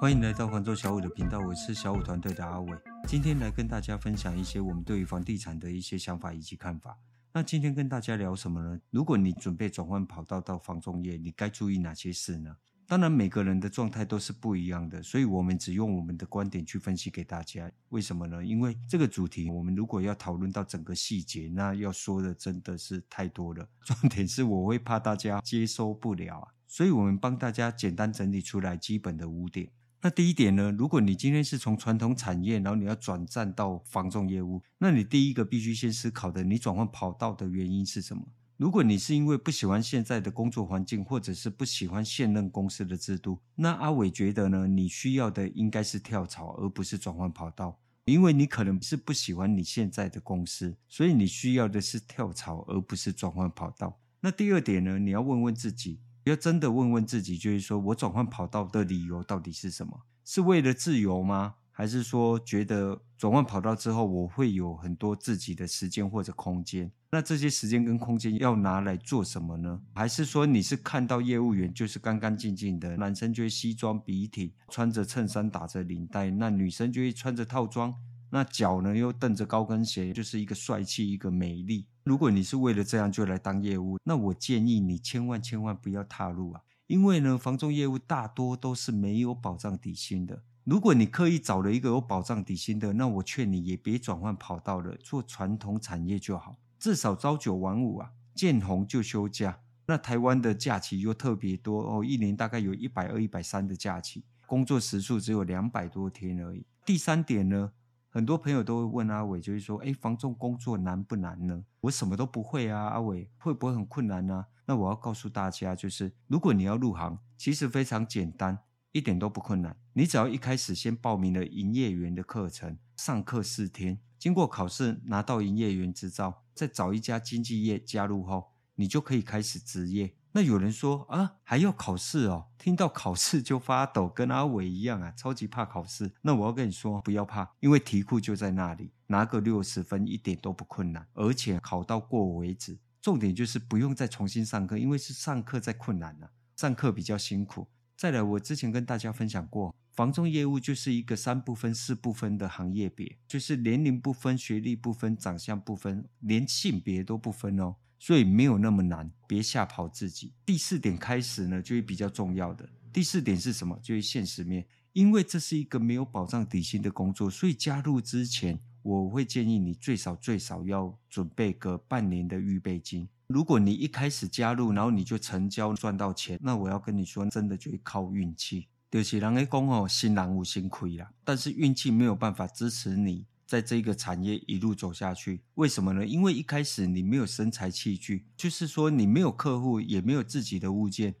歡迎來到房仲小武的頻道，我是小武團隊的阿偉。今天來跟大家分享一些我們對於房地產的一些想法以及看法。那今天跟大家聊什麼呢？如果你準備轉換跑道到房仲業，你該注意哪些事呢？當然，每個人的狀態都是不一樣的，所以我們只用我們的觀點去分析給大家。為什麼呢？因為這個主題，我們如果要討論到整個細節，那要說的真的是太多了。重點是我會怕大家接受不了啊。所以我們幫大家簡單整理出來基本的五點。那第一點呢，如果你今天是從傳統產業，然後你要轉戰到房仲業務，那你第一個必須先思考的，你轉換跑道的原因是什麼？如果你是因為不喜歡現在的工作環境，或者是不喜歡現任公司的制度，那阿偉覺得呢，你需要的應該是跳槽，而不是轉換跑道，因為你可能是不喜歡你現在的公司，所以你需要的是跳槽，而不是轉換跑道。那第二點呢，你要問問自己。要真的問問自己，就是說我轉換跑道的理由到底是什麼？是為了自由嗎？還是說覺得轉換跑道之後我會有很多自己的時間或者空間？那這些時間跟空間要拿來做什麼呢？還是說你是看到業務員就是乾乾淨淨的男生，就穿西裝筆挺，穿着襯衫打着領帶；那女生就會穿着套裝。那腳呢又蹬着高跟鞋，就是一個帥氣，一個美麗。如果你是為了這樣就來當業務，那我建議你千萬千萬不要踏入啊！因為呢，房仲業務大多都是沒有保障底薪的。如果你刻意找了一個有保障底薪的，那我勸你也別轉換跑道了，做傳統產業就好，至少朝九晚五啊，見紅就休假。那台灣的假期又特別多哦，一年大概有一百二、一百三的假期，工作時數只有兩百多天而已。第三點呢？很多朋友都會問阿偉，就是說，哎，房仲工作難不難呢？我什麼都不會啊，阿偉會不會很困難呢、啊？那我要告訴大家，就是如果你要入行，其實非常簡單，一點都不困難。你只要一開始先報名了營業員的課程，上課四天，經過考試拿到營業員執照，再找一家經紀業加入後，你就可以開始執業。那有人說啊，還要考試哦，聽到考試就發抖，跟阿偉一樣啊，超級怕考試。那我要跟你說，不要怕，因為題庫就在那裡，拿個六十分一點都不困難，而且考到過為止。重點就是不用再重新上課，因為是上課再困難了、啊、上課比較辛苦。再來，我之前跟大家分享過，房仲業務就是一個三不分、四不分的行業別，別就是年齡不分、學歷不分、長相不分，連性別都不分哦。所以沒有那麼難，別嚇跑自己。第四點開始呢，就會比較重要的。第四點是什麼？就是現實面，因為這是一個沒有保障底薪的工作，所以加入之前，我會建議你最少最少要準備個半年的預備金。如果你一開始加入，然後你就成交賺到錢，那我要跟你說，真的就會靠運氣。對不起，人家講哦，新人無心虧了，但是運氣沒有辦法支持你，在這個產業一路走下去，為什麼呢？因為一開始你沒有生財器具，就是說你沒有客戶，也沒有自己的物件，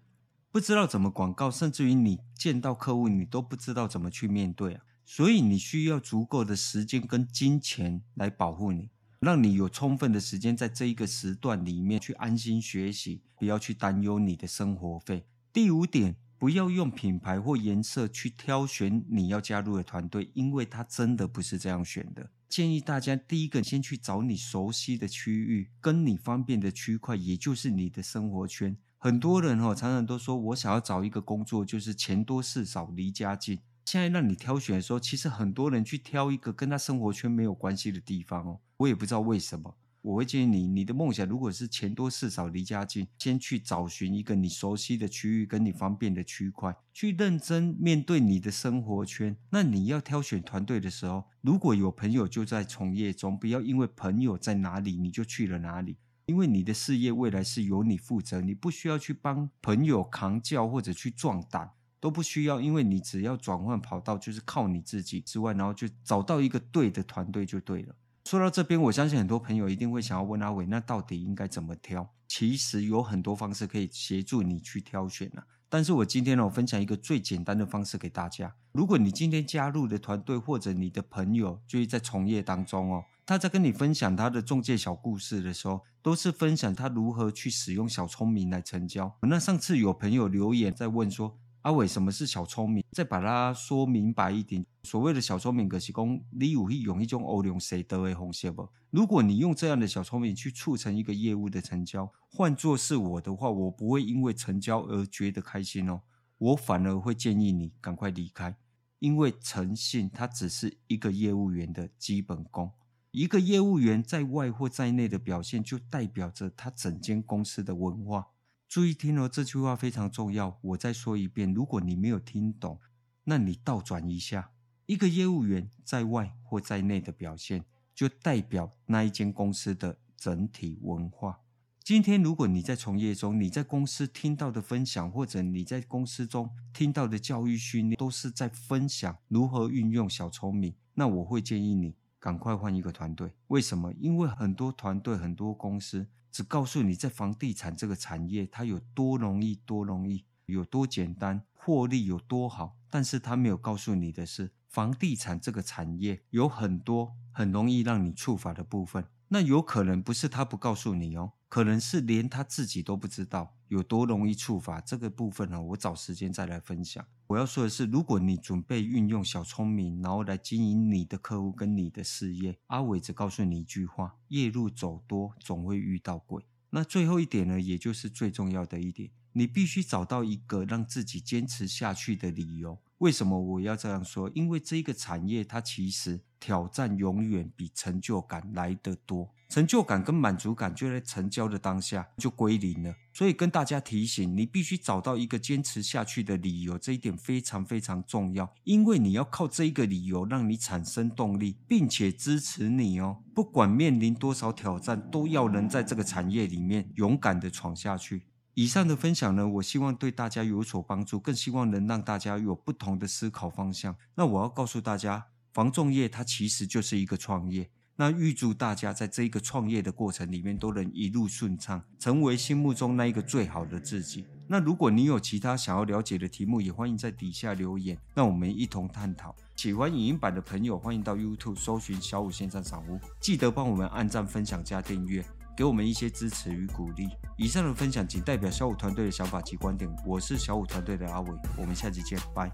不知道怎麼廣告，甚至於你見到客戶，你都不知道怎麼去面對啊。所以你需要足夠的時間跟金錢來保護你，讓你有充分的時間在這一個時段裡面去安心學習，不要去擔憂你的生活費。第五點。不要用品牌或顏色去挑選你要加入的團隊，因為他真的不是這樣選的。建議大家第一個先去找你熟悉的區域，跟你方便的區塊，也就是你的生活圈。很多人哦，常常都說我想要找一個工作，就是錢多事少，離家近。現在讓你挑選的時候，其實很多人去挑一個跟他生活圈沒有關係的地方哦，我也不知道為什麼。我會建議你，你的夢想如果是錢多事少離家近，先去找尋一個你熟悉的區域跟你方便的區塊，去認真面對你的生活圈。那你要挑選團隊的時候，如果有朋友就在從業中，不要因為朋友在哪裡你就去了哪裡，因為你的事業未來是由你負責，你不需要去幫朋友扛轎或者去壯膽，都不需要，因為你只要轉換跑道就是靠你自己之外，然後就找到一個對的團隊就對了。說到這邊，我相信很多朋友一定會想要問阿偉，那到底應該怎麼挑？其實有很多方式可以協助你去挑選呢、啊。但是我今天呢、哦，分享一個最簡單的方式給大家。如果你今天加入的團隊或者你的朋友就是在從業當中哦，他在跟你分享他的中介小故事的時候，都是分享他如何去使用小聰明來成交。那上次有朋友留言在問說，阿偉，什麼是小聰明？再把它說明白一點。所謂的小聰明是說，可是講你有會用一種歐量的，誰都會哄些。如果你用這樣的小聰明去促成一個業務的成交，換作是我的話，我不會因為成交而覺得開心哦，我反而會建議你趕快離開，因為誠信它只是一個業務員的基本功。一個業務員在外或在內的表現，就代表着他整間公司的文化。注意聽哦，這句話非常重要，我再說一遍，如果你沒有聽懂，那你倒轉一下。一個業務員在外或在內的表現，就代表那一間公司的整體文化。今天，如果你在從業中，你在公司聽到的分享，或者你在公司中聽到的教育訓練，都是在分享如何運用小聰明，那我會建議你。趕快換一個團隊，為什麼？因為很多團隊、很多公司只告訴你在房地產這個產業它有多容易、多容易，有多簡單，獲利有多好，但是他沒有告訴你的是。房地產這個產業有很多很容易讓你觸法的部分，那有可能不是他不告訴你哦，可能是連他自己都不知道有多容易觸法這個部分呢。我找時間再來分享。我要說的是，如果你準備運用小聰明，然後來經營你的客戶跟你的事業，阿偉只告訴你一句話：夜路走多，總會遇到鬼。那最後一點呢，也就是最重要的一點，你必須找到一個讓自己堅持下去的理由。為什麼我要這樣說？因為這個產業它其實挑戰永遠比成就感來得多，成就感跟滿足感就在成交的當下就歸零了。所以跟大家提醒，你必須找到一個堅持下去的理由，這一點非常非常重要。因為你要靠這一個理由讓你產生動力，並且支持你哦，不管面臨多少挑戰，都要能在這個產業裡面勇敢的闖下去。以上的分享呢，我希望對大家有所幫助，更希望能讓大家有不同的思考方向。那我要告訴大家，房仲業它其實就是一個創業。那預祝大家在這一個創業的過程裡面都能一路順暢，成為心目中那一個最好的自己。那如果你有其他想要了解的題目，也歡迎在底下留言，讓我們一同探討。喜歡影音版的朋友，歡迎到 YouTube 搜尋小武線上賞屋，記得幫我們按讚、分享、加訂閱。給我們一些支持與鼓勵。以上的分享僅代表小武團隊的想法及觀點。我是小武團隊的阿偉，我們下期見，拜。